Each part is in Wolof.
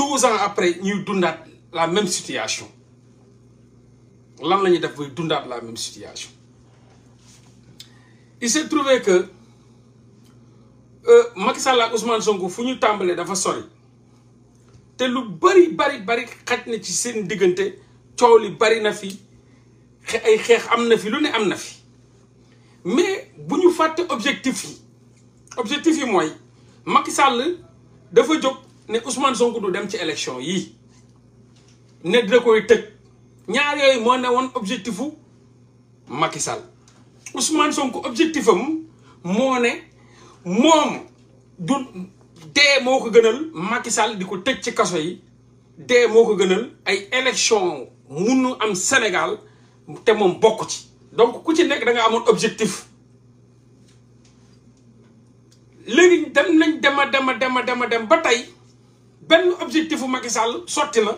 douze ans après ñuy dundaat la même situation lan la ñuy def bay dundaat la même situation il s'est trouvé que euh, Macky Sall ak Ousmane Sonko fu ñu tàmbalee dafa sori te lu bari bari bari xaj na ci seen diggante coow li bari na fi ay xeex am na fi lu ne am na fi mais bu ñu fàtte objectif yi objectif yi mooy Macky dafa jóg ne Ousmane Sonko du dem ci élection yii ne da koy tëj ñaar yooyu moo ne woon objectifu makisal Sall Ousmane Sonko objectif am moo ne moom du dee moo ko gënal Macky Sall di ko tëj ci kaso yi dee moo ko gënal ay élection munu am Sénégal te moom bokk ci donc ku ci nekk danga amoon objectif léegi dem nañ dema dema dema dema dem ba tey benn objectifu Macky Sall sotti na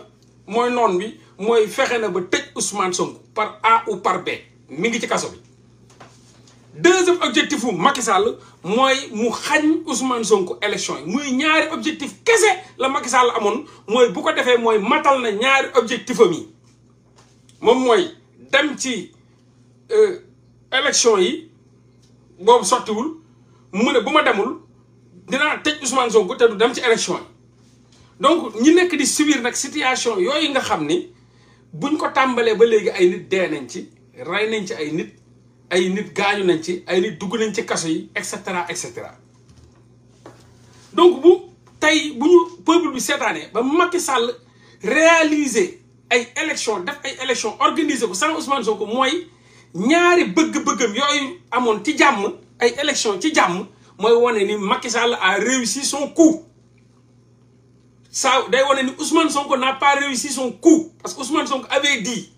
mooy noon bi mooy fexe na ba tëj Ousmane Sonko par A ou par B mi ngi ci kaso bi deuxième objectifu Macky Sall mooy mu xañ Ousmane Sonko élection yi muy ñaari objectif kese la Macky Sall amoon mooy bu ko defee mooy matal na ñaari objectif am yi moom mooy dem ci euh, élection yi boobu sottiwul mu ne bu ma demul dinaa tëj Ousmane Sonko te du dem ci élection donc ñi nekk di subir nag situation yooyu nga xam ni buñ ko tàmbalee ba léegi ay nit dee nañ ci rey nañ ci ay nit ay nit gaañu nañ ci ay nit dugg nañ ci kaso yi et cetera et cetera donc bu tey bu ñu peuple bi seetaanee ba Macky Sall réaliser ay élection def ay élection organiser ko sans Ousmane ko mooy ñaari bëgg-bëggam yooyu amoon ci jàmm ay élection ci jàmm mooy wane ni Macky sàll a réussi son coup ça day wane ni Ousmane Sonko n'a pas réussi son coup parce que Ousmane Sonko avait dit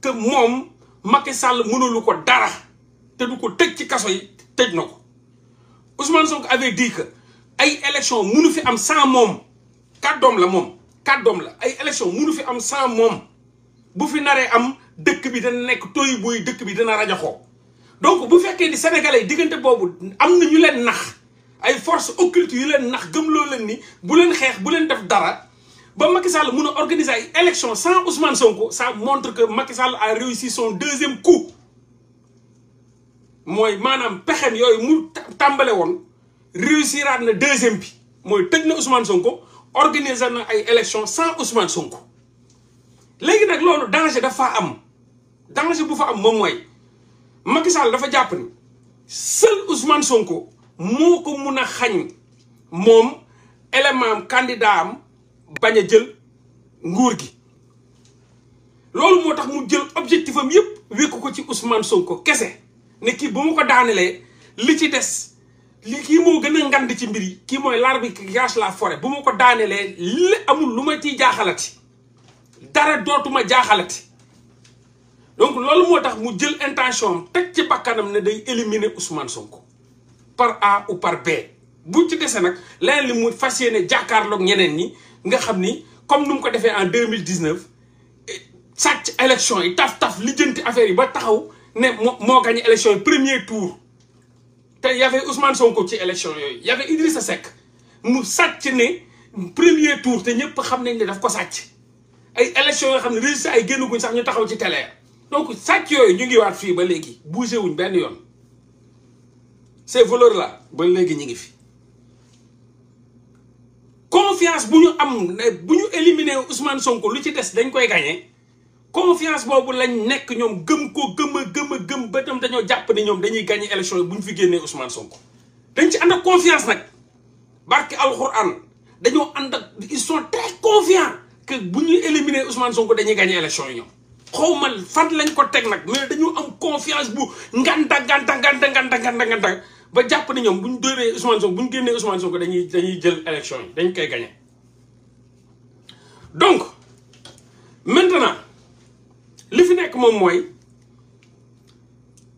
que moom Macky sàll mënulu ko dara te du ko tëj ci kaso yi tëj na ko Ousmane Sonko avait dit que ay élection mënu fi am sans moom kàddoom la moom kàddoom la ay élection mënu fi am sans moom bu fi naree am dëkk bi dana nekk tooy buy dëkk bi dana rajaxoo donc bu fekkee ni sénégalais yi diggante boobu am na ñu leen nax ay force occultes yu leen nax gëmloo leen ni bu leen xeex bu leen def dara ba Macky Sall mun a organiser ay élections sans Ousmane Sonko ça montre que Macky Sall a réussi son deuxième coup mooy maanaam pexem yooyu mu tàmbale woon réussiraat na deuxième bi mooy tëj na Ousmane Sonko organiser na ay élections sans Ousmane Sonko léegi nag loolu danger dafa am danger bu fa am moom mooy Macky Sall dafa jàpp ni seul Ousmane Sonko. moo ko mun a xañ moom élément am candidat am bañ a jël nguur gi loolu moo tax mu jël objectif am yëpp wékku ko ci Ousmane ko kese ne kii bu mu ko daanelee li ci des li kii moo gën a ngand ci mbir yi kii mooy l'arbre qui cache la forêt bu ma ko daanelee li amul lu ma ciy jaaxalati dara dootuma jaaxalati donc loolu moo tax mu jël intention am teg ci bakkanam ne day éliminer Ousmane ko par A ou par B bu ci dese nag leneen li mu fas ne jàkkaarloog ñeneen ñi nga xam ni comme nu mu ko defee en deux mille dix-neuf eh, sàcc élection yi taf taf lijjanti affaire yi ba taxaw ne moo moo gagné élection yi premier tour. te y avait Ousmane Sonko ci élection yooyu y avait sa sekk mu sàcc ne premier tour te ñëpp xam nañ ne daf ko sàcc ay élection yoo xam ne résultat ay génnaguñ sax ñu taxaw ci télé donc sàcc yooyu ñu ngi waat fii ba léegi bougé wuñ benn yoon. ces voleurs la ba léegi ñu ngi fi confiance bu ñu am ne bu ñu éliminer Ousmane Sonko lu ci des dañ koy gagné confiance boobu lañ nekk ñoom gëm ko gëm a gëm a gëm ba tam dañoo jàpp ne ñoom dañuy gagné élection yi bu ñu fi génnee Ousmane Sonko. dañ ci ànd ak confiance nag barke alxuraan dañoo ànd ak ils sont très confiants bu ñuy éliminer Ousmane Sonko dañuy gagné élection yi ñoom. xaw ma fan lañ ko teg nag mais dañu am confiance bu nganda nganda nganda nganda nganda nganda ba jàpp ne ñoom bu ñu dóoree Ousmane Sonko bu ñu génnee Ousmane Sonko dañuy dañuy jël élection yi dañ koy gagné donc maintenant li fi nekk moom mooy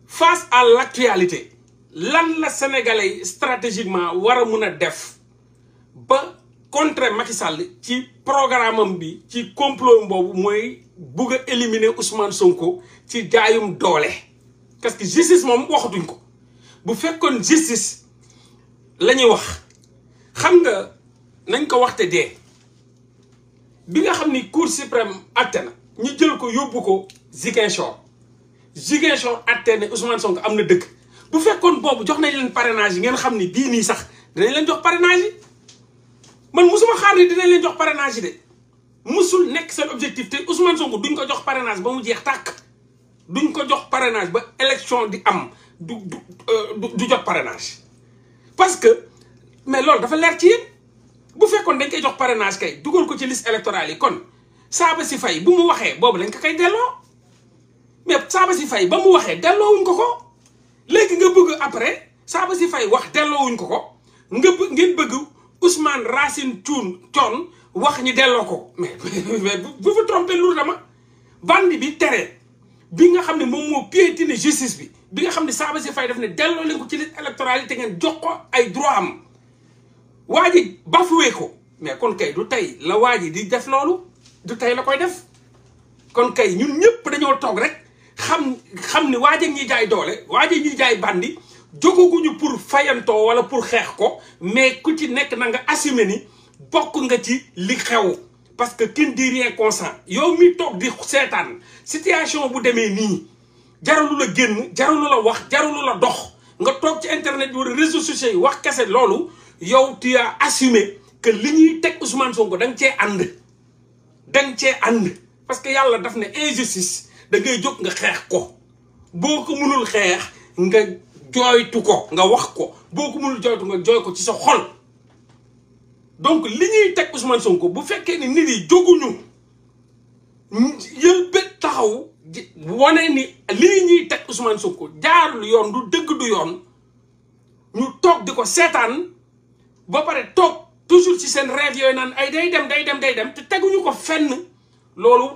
face à l' actualité lan la sénégalais yi stratégiquement war a mun a def ba contrer Macky Sall ci programme am bi ci complot mboobu mooy bugg a éliminer Ousmane Sonko ci jaayum doole parce que justice moom waxatuñ ko. bu fekkoon justice lañuy wax xam nga nañ ko waxte dee bi nga xam ni cour suprême atte na ñu jël ko yóbbu ko Ziguinchor Ziguinchor atte ne Ousmane Sonko am na dëkk bu fekkoon boobu jox nañ leen parrainage yi ngeen xam ni bii nii sax dinañ leen jox parrainage yi man musuma xaar ni dinañ leen jox parenage yi de musul nekk seen objectif te Ousmane Sonko duñ ko jox parrainage ba mu jeex tàkk duñ ko jox parenage ba élection di am du du euh, du jot parrainage parce que mais loolu dafa leer ci yéen bu fekkoon dañ koy jox parrainage kay dugal ko ci liste électorale yi kon saaba si fay bu mu waxee boobu lañ ko koy delloo mais saaba si fay ba mu waxee delloowuñ ko ko léegi nga bëgg après saaba si fay wax wuñ ko ko nga ngeen bëgg Ousmane Racine Thioune Thion wax ñi delloo ko mais bu fa trompé lourdement bandi bi tere bi nga xam ne moom moo piétiné justice bi bi nga xam ne saaba si fay def ne delloo leen ko ci liste électorale yi te ngeen jox ko ay droit am waa ji bafoué ko mais kon kay du tey la waa ji di def loolu du tey la koy def kon kay ñun ñëpp dañoo toog rek xam xam ni waa ji ñuy jaay doole waa ji ñuy jaay bandi jógaguñu pour fayantoo wala pour xeex ko mais ku ci nekk na nga assumer ni bokk nga ci li xew parce que qui ne dit rien consent yow mi toog di seetaan situation bu demee nii jaralu la génn jaralu la wax jaralu la dox nga toog ci internet bi wala réseaux sociaux yi wax kese loolu yow tu as assumé que li ñuy teg Ousmane Sonko ko nga cee ànd da cee ànd parce que yàlla daf ne injustice da ngay jóg nga xeex ko boo ko mënul xeex nga jooytu ko nga wax ko boo ko mënul jooytu nga jooy ko ci sa xol donc li ñuy teg Ousmane ko bu fekkee ni nit yi jóguñu yëlbët taxaw wane ni lii ñuy teg Ousmane Sonko jaarul yoon du dëgg du yoon ñu toog di ko seetaan ba pare toog toujours ci seen rêve yooyu naan ay day dem day dem day dem te teguñu ko fenn loolu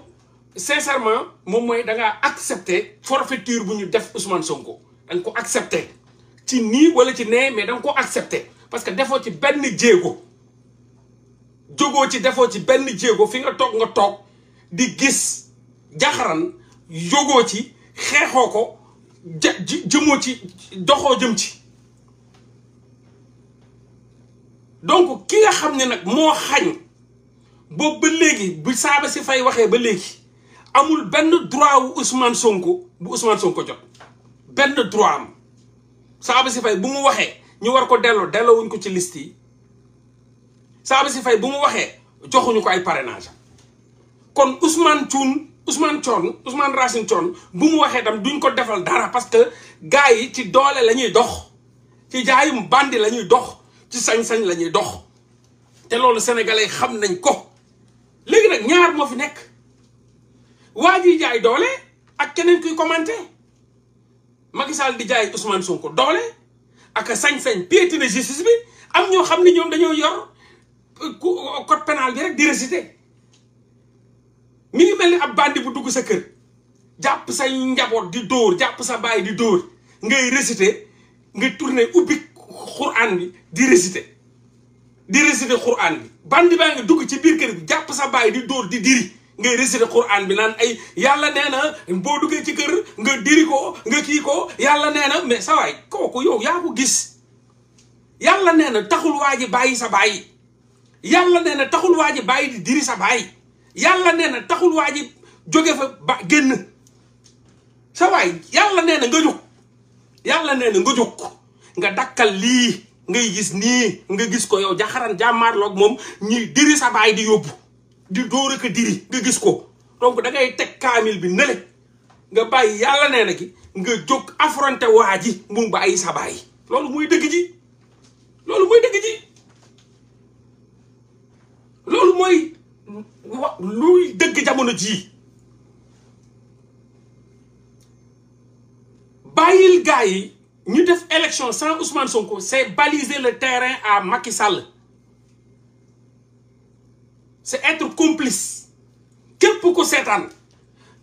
sincèrement moom mooy da ngaa accepter forfaiture bu ñu def Ousmane Sonko da nga ko accepter ci nii wala ci nee mais da ko accepter parce que defoo ci benn jéego jógoo ci defoo ci benn jéego fi nga toog nga toog di gis jaxaran yógoo ci xeexoo ko jë jëmoo ci doxoo jëm ci donc ki nga xam ne nag moo xañ boobu ba léegi bu saaba si fay waxee ba léegi amul benn droit wu Ousmane Sonko bu Ousmane Sonko jot benn droit am saaba si fay bu mu waxee ñu war ko delloo delloowuñ ko ci list yi saaba si fay bu mu waxee joxuñu ko ay parrainage kon Ousmane Thioune Ousmane Thion Ousmane Racine Thion bu mu waxee tam duñ ko defal dara parce que gars yi ci doole la ñuy dox ci jaayum bandi la ñuy dox ci sañ-sañ lañuy dox te loolu sénégalais xam nañ ko léegi rek ñaar moo fi nekk waa ji jaay doole ak keneen kuy commenté Macky Sall di jaay Ousmane Sonko doole ak sañ-sañ piétiner justice bi am ñoo xam ni ñoom dañoo yor euh, code pénal bi rek di mi mel ni ab bandi bu dugg sa kër jàpp say njaboot di dóor jàpp sa baay di dóor ngay réciter ngay tourner ubbi xuraan bi di réciter di réciter xuraan bi bandi nga dugg ci biir kër bi jàpp sa baay di dóor di diri ngay réciter xuraan bi naan ay yàlla nee na boo duggee ci kër nga diri ko nga kii ko yàlla nee na mais sa waay kooku yow yaa ko gis yàlla nee na taxul waa ji bàyyi sa bàyyi yàlla nee na taxul waa ji bàyyi di diri sa bàyyi yàlla nee na taxul waa ji jóge fa ba génn sa waay yàlla nee na nga jóg yàlla nee na nga jóg nga dakkal lii ngay gis nii nga gis ko yow jaxaran jàmmaarloog moom ñi diri sa baay di yóbbu di dóor diri nga gis ko donc da teg kaamil bi nële nga bàyyi yàlla nee na ki nga jóg affronté waa ji mu bàyyi sa baay loolu muy dëgg dëgg ji loolu mooy wa luy dëgg jamono jii bàyyil gars yi ñu def élection sans Ousmane Sonko c'est baliser le terrain à Macky Sall c'est être complice képp ko seetaan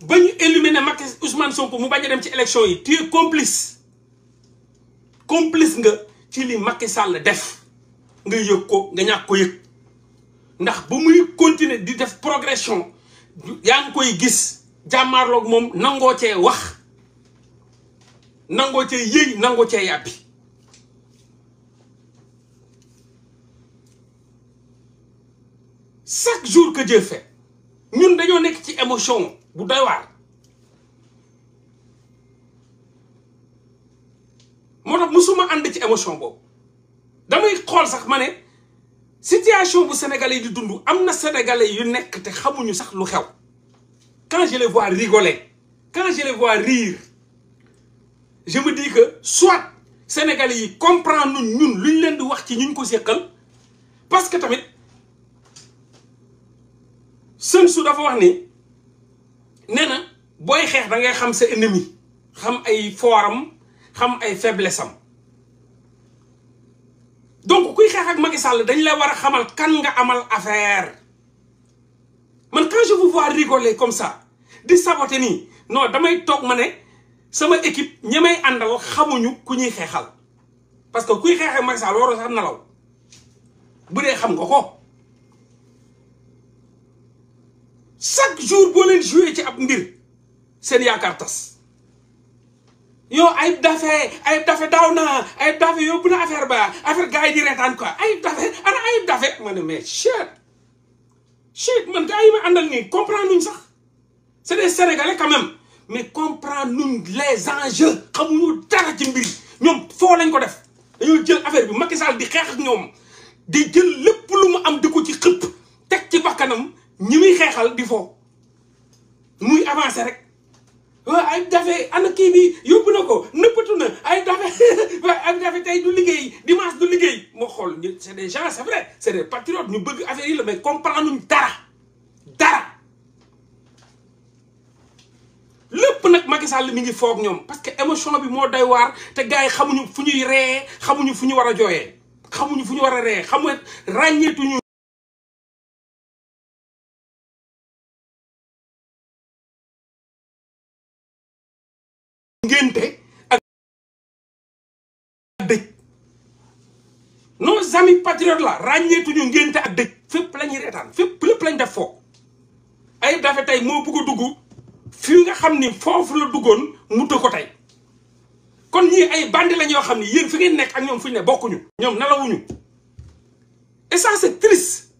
ba ñu éliminer Macky Ousmane Sonko mu bañ a dem ci élection yi tu es complice complice nga ci li Macky Sall def nga yëg ko nga ñàkk ko yëg ndax ba muy continuer di def progression yaa ngi koy gis jàmmaarloog moom nangoo cee wax nangoo cee yëy nangoo cee yàbbi chaque jour que Dieu ñun dañoo nekk ci émotion bu doy waar moo tax musuma ànd ci émotion boobu damay xool sax ma ne situation bu sénégalais yi di dund am na sénégalais yu nekk te xamuñu sax lu xew quand je les vois rigoler quand je les vois rire je me dis que soit sénégalais yi comprendre ñun luñ leen di wax ci ñu ko séqal parce que tamit Sun Tzu dafa wax ni nee na booy xeex da ngay xam sa ennemi xam ay fooram xam ay faiblesse am xeex ak Macky dañ la war a kan nga amal affaire man quand je vous vois rigoler comme sa di saboter nii non damay toog ma ne sama équipe ñi may xamuñu ku ñuy xeexal parce que kuy xeex ak Macky sax nalaw bu dee xam nga ko chaque jour boo leen joué ci ab ndir seen yaakaar tas yow Ayib Daffé Ayib Daffé daw na Ayib Daffé bu na affaire ba affaire gars yi di reetaan quoi Ayib Daffé ana Ayib Daffé ma ne mais shit shit man gars yi ma àndal nii comprendre nuñ sax c'est des sénégalais quand même mais comprendre nuñ les enjeux xamuñu dara ci mbir ñoom foo lañ ko def dañoo jël affaire bi Macky Sall di xeex ñoom di jël lépp lu mu am di ci xëpp teg ci bakkanam ñi muy xeexal di foo muy avancer rek. Euh, ay dafe ana kii bi yóbbu na ko nëppatu na ay dafe ay dafe tey du liggéey dimanche du liggéey moo xool ñu c'est des gens c'est vrai c'est des ñu bëgg affaire yi la mais comprendre ñu dara dara lépp nag Macky Sall mi ngi foog ñoom parce que émotion bi moo doy waar te gars yi xamuñu fu ñuy ree xamuñu fu ñu war a jooyee xamuñu fu ñu war a ree xamu ràññeetuñu famille patriote la ràññeetuñu ngénte ak dëj fépp la ñuy reetaan fépp lépp lañ def foofu ay Daffé tey moo bugg a dugg fi nga xam ni foofu la duggoon mu ko tey kon ñii ay bandi la ñoo xam ni yéen fi ngeen nekk ak ñoom fu ñu ne bokkuñu ñoom nalawuñu et ça c'est triste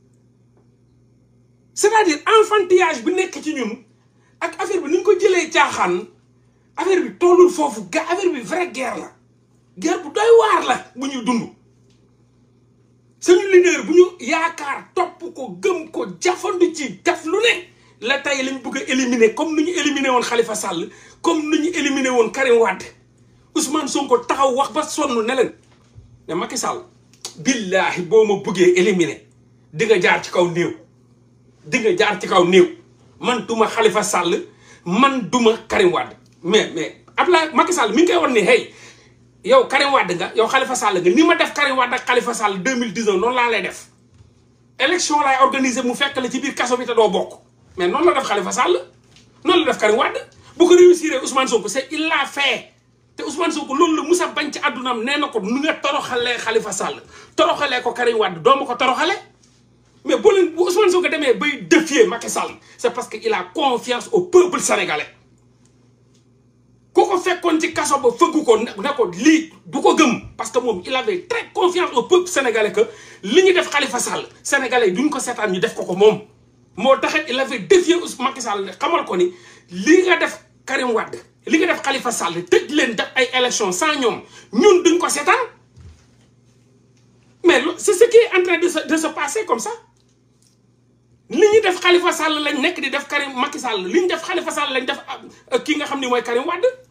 c'est-à-dire enfantillage bu nekk ci ñun ak affaire bi ni ñu ko jëlee caaxaan affaire bi tollul foofu ga affaire bi vraie guerre la guerre bu doy waar la bu ñuy dund suñu leader bu ñu yaakaar topp ko gëm ko jafandu ci def lu ne la tey lañ bëgg a comme lu ñu éliminer woon Khalifa sàll comme nu ñu éliminer woon Karim Wade Ousmane Sonko taxaw wax ba sonn ne leen ne Macky Sall billaahi boo ma bëggee éliminer di nga jaar ci kaw néew di nga jaar ci kaw néew man duma xalifa Sall man duma Karim Wade mais mais Abdoulaye Macky Sall mi ngi koy wax ni hey yow Karim Wade nga yow Khalifa Sall nga ni ma def Karim Wade ak Khalifa Sall 2019 noonu laa lay def élection laay organiser mu fekk la ci biir kaso bi te doo bokk mais noonu la def Khalifa Sall noonu la def Karim Wade bu ko réussir Ousmane Sonko c'est se l'a fait te Ousmane Sonko loolu la Moussa bañ ci àddunaam nee na ko nu nga toroxalee xalifa Sall toroxalee ko Karim Wade doo ma ko toroxale mais bu leen bu Ousmane Sonko demee bay défier Macky Sall c'est parce que il a confiance au peuple sénégalais ku ko fekkoon ci kaso ba fëggu ko ne ko lii du ko gëm parce que moom il avait très confiance au peuple sénégalais li ñu def Khalifa Sall sénégalais duñ ko seetaan ñu def ko ko moom. moo tax il avait défié Macky Sall xamal ko ni li nga def Karim Wade li nga def Khalifa Sall tëj leen da ay élections sans ñoom ñun duñ ko seetaan mais c'est ce qui est de sa de se passer comme ça. li ñu def Khalifa Sall lañ nekk di def Karim Macky Sall li ñu def Khalifa Sall lañ def euh, kii nga xam ni mooy Karim Wade.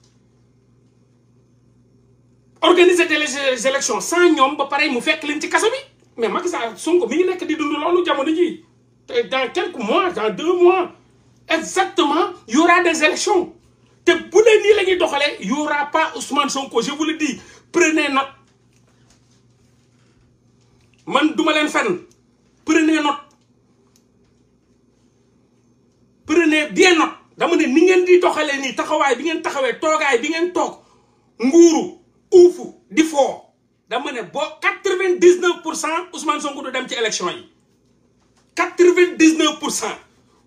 organiser des élections san ñoom ba pare mu fekk leen ci kaso bi mais Macky Sall Sonko mi ngi nekk di dund loolu jamono ji te dans quelques mois dans deux mois exactement y aura des élections te bu dee nii la ñuy doxalee y aura pas Ousmane Sonko je vous le dis prenez note man duma leen fenn prenez note bi bien note dama ne ni ngeen di doxalee nii taxawaay bi ngeen taxawee toogaay bi ngeen toog nguuru uufu di foo dama ne boo quatre-vingt-dix-neuf pour cent Ousmane Sonko dem ci élection yi quatre-vingt-dix-neuf pour cent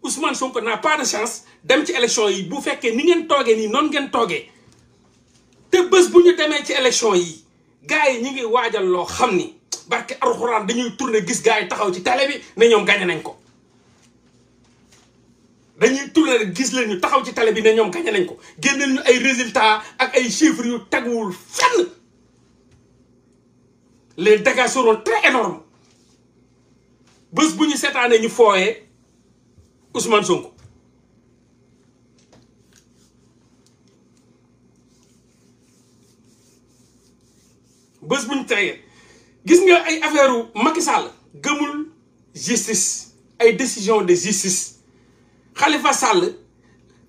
Ousmane Sonko n'a pas de chance dem ci élection yi bu fekkee ni ngeen toogee nii noonu ngeen toogee te bés bu ñu demee ci élection yi gars yi ñu ngi waajal loo xam ni barke alxuraan dañuy tourner gis gars yi taxaw ci télé bi ne ñoom gagné nañ ko dañuy tourné rek gis leen ñu taxaw ci tale bi ne ñoom gañe nañ ko génneel ñu ay résultats ak ay chiffres yu teguwul fenn les dégâts seront très énormes bés bu ñu seetaanee ñu fooyee Ousmane Sonko bés bu ñu tegee gis nga ay affaire u Macky Sall gëmul justice ay décision de justice xalifa Sall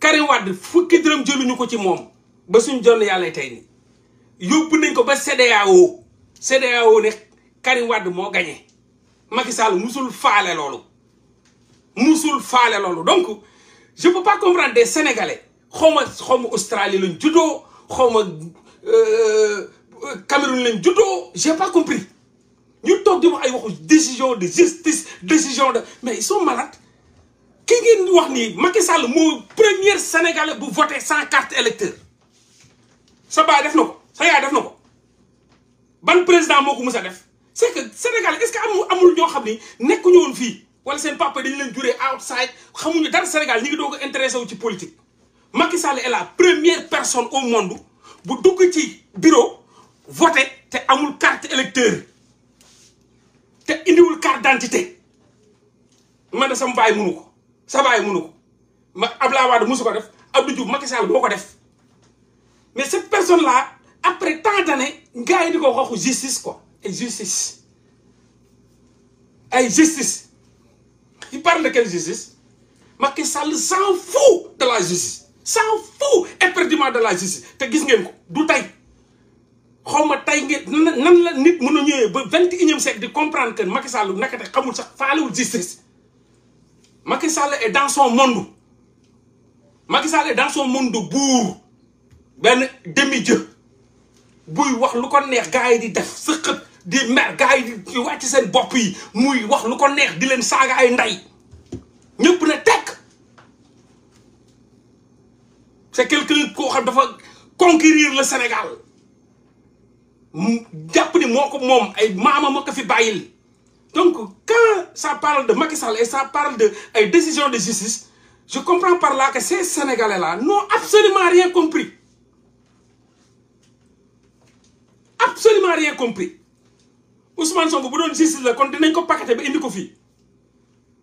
Karim Wade fukki dërëm jëluñu ko ci moom ba suñ jonn yàlla tey nii yóbbu nañ ko ba CEDEAO CEDEAO ne Karim Wade moo gañe Macky Sall musul faale loolu musul faale loolu donc je peux pas comprendre des sénégalais xaw ma xaw ma Australie lañ juddoo xaw ma euh, Cameroun lañ juddoo j'ai pas compris ñu toog di wax ay waxu décision de justice décision de mais ils sont malades ki ngeen wax nii Macky Sall moo premier sénégalais bu voté sans carte électeur sa baay def na ko sa yaay def na ko ban président moo ko mës a def c'est que Sénégal est-ce que amul amul ñoo xam ni nekkuñu woon fii wala seen papa dañu leen juree outside xamuñu dara Sénégal ñi ngi doo ko intéressé wu ci politique. Macky Sall est la première personne au monde bu dugg ci bureau voté te amul carte électeur te indiwul carte d'identité man de sama baay mënu ko. sa baay mënu ko ma Abdoulaye Wade musu ko def Abdou Diouf Macky Sall boo ko def mais cette personne là après temps d'années gars yi di ko waxu justice quoi ay justice ay justice il parle de quelle justice Macky Sall s'en fout de la justice s'en fout éperdument de la justice te gis ngeen ko du tey xaw ma tey ngeen nan la nit mën a ñëwee ba vingt et unième siècle di comprendre que Macky Sall nakate xamul sax faalewul justice Macky Sall est dans son monde Macky Sall est monde buur benn demi buy wax lu ko neex gars yi di def sëqët di mer gars yi di wàcc seen bopp yi muy wax lu ko neex di leen saaga ay ndey ñëpp na tekk c'est quelqu'un koo xam dafa conquérir le Sénégal jàpp ni moo ko moom ay maama ma ko fi bàyyil donc ka ça parle de Macky Sall et ça parle de ay décision de justice je comprends par là que ces Sénégalais là n'ont absolument rien compris absolument rien compris Ousmane Sonko bu doon justice la kon dinañ ko paqueté ba indi ko fii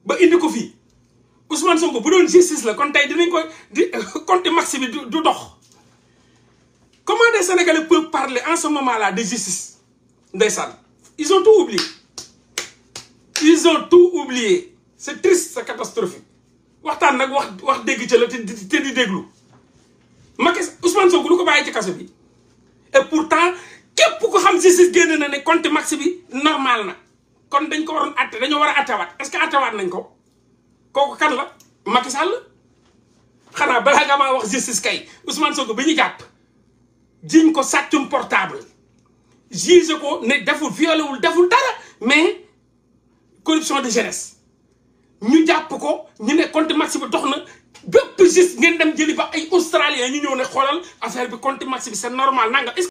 ba indi ko fii Ousmane Sonko bu doon justice la kon tey dinañ ko di compte maxi bi du dox comment des Sénégalais peuvent parler en ce moment là de justice ndeysaan ils ont tout oublié ils ont tout oublié c'est triste c'est catastrophique waxtaan nag wax wax dégg ca la te di déglu Macky Ousmane Sonko lu ko bàyyi ci kaso bi et pourtant képp ku xam justice génn na ne compte max bi normal na kon dañ ko waroon atte dañoo war a attewaat est que attewaat nañ ko kooku kan la Macky Sall xanaa balaa nga maa wax justice kay Ousmane Sonko bi ñu jàpp jiñ ko sàccum portable juge ko ne deful violé wul deful dara mais corruption de jeunesse ñu jàpp ko ñu ne compte max bi dox na bépp gis ngeen dem jëli ba ay australien ñu ñëw ne xoolal affaire bi compte max bi normal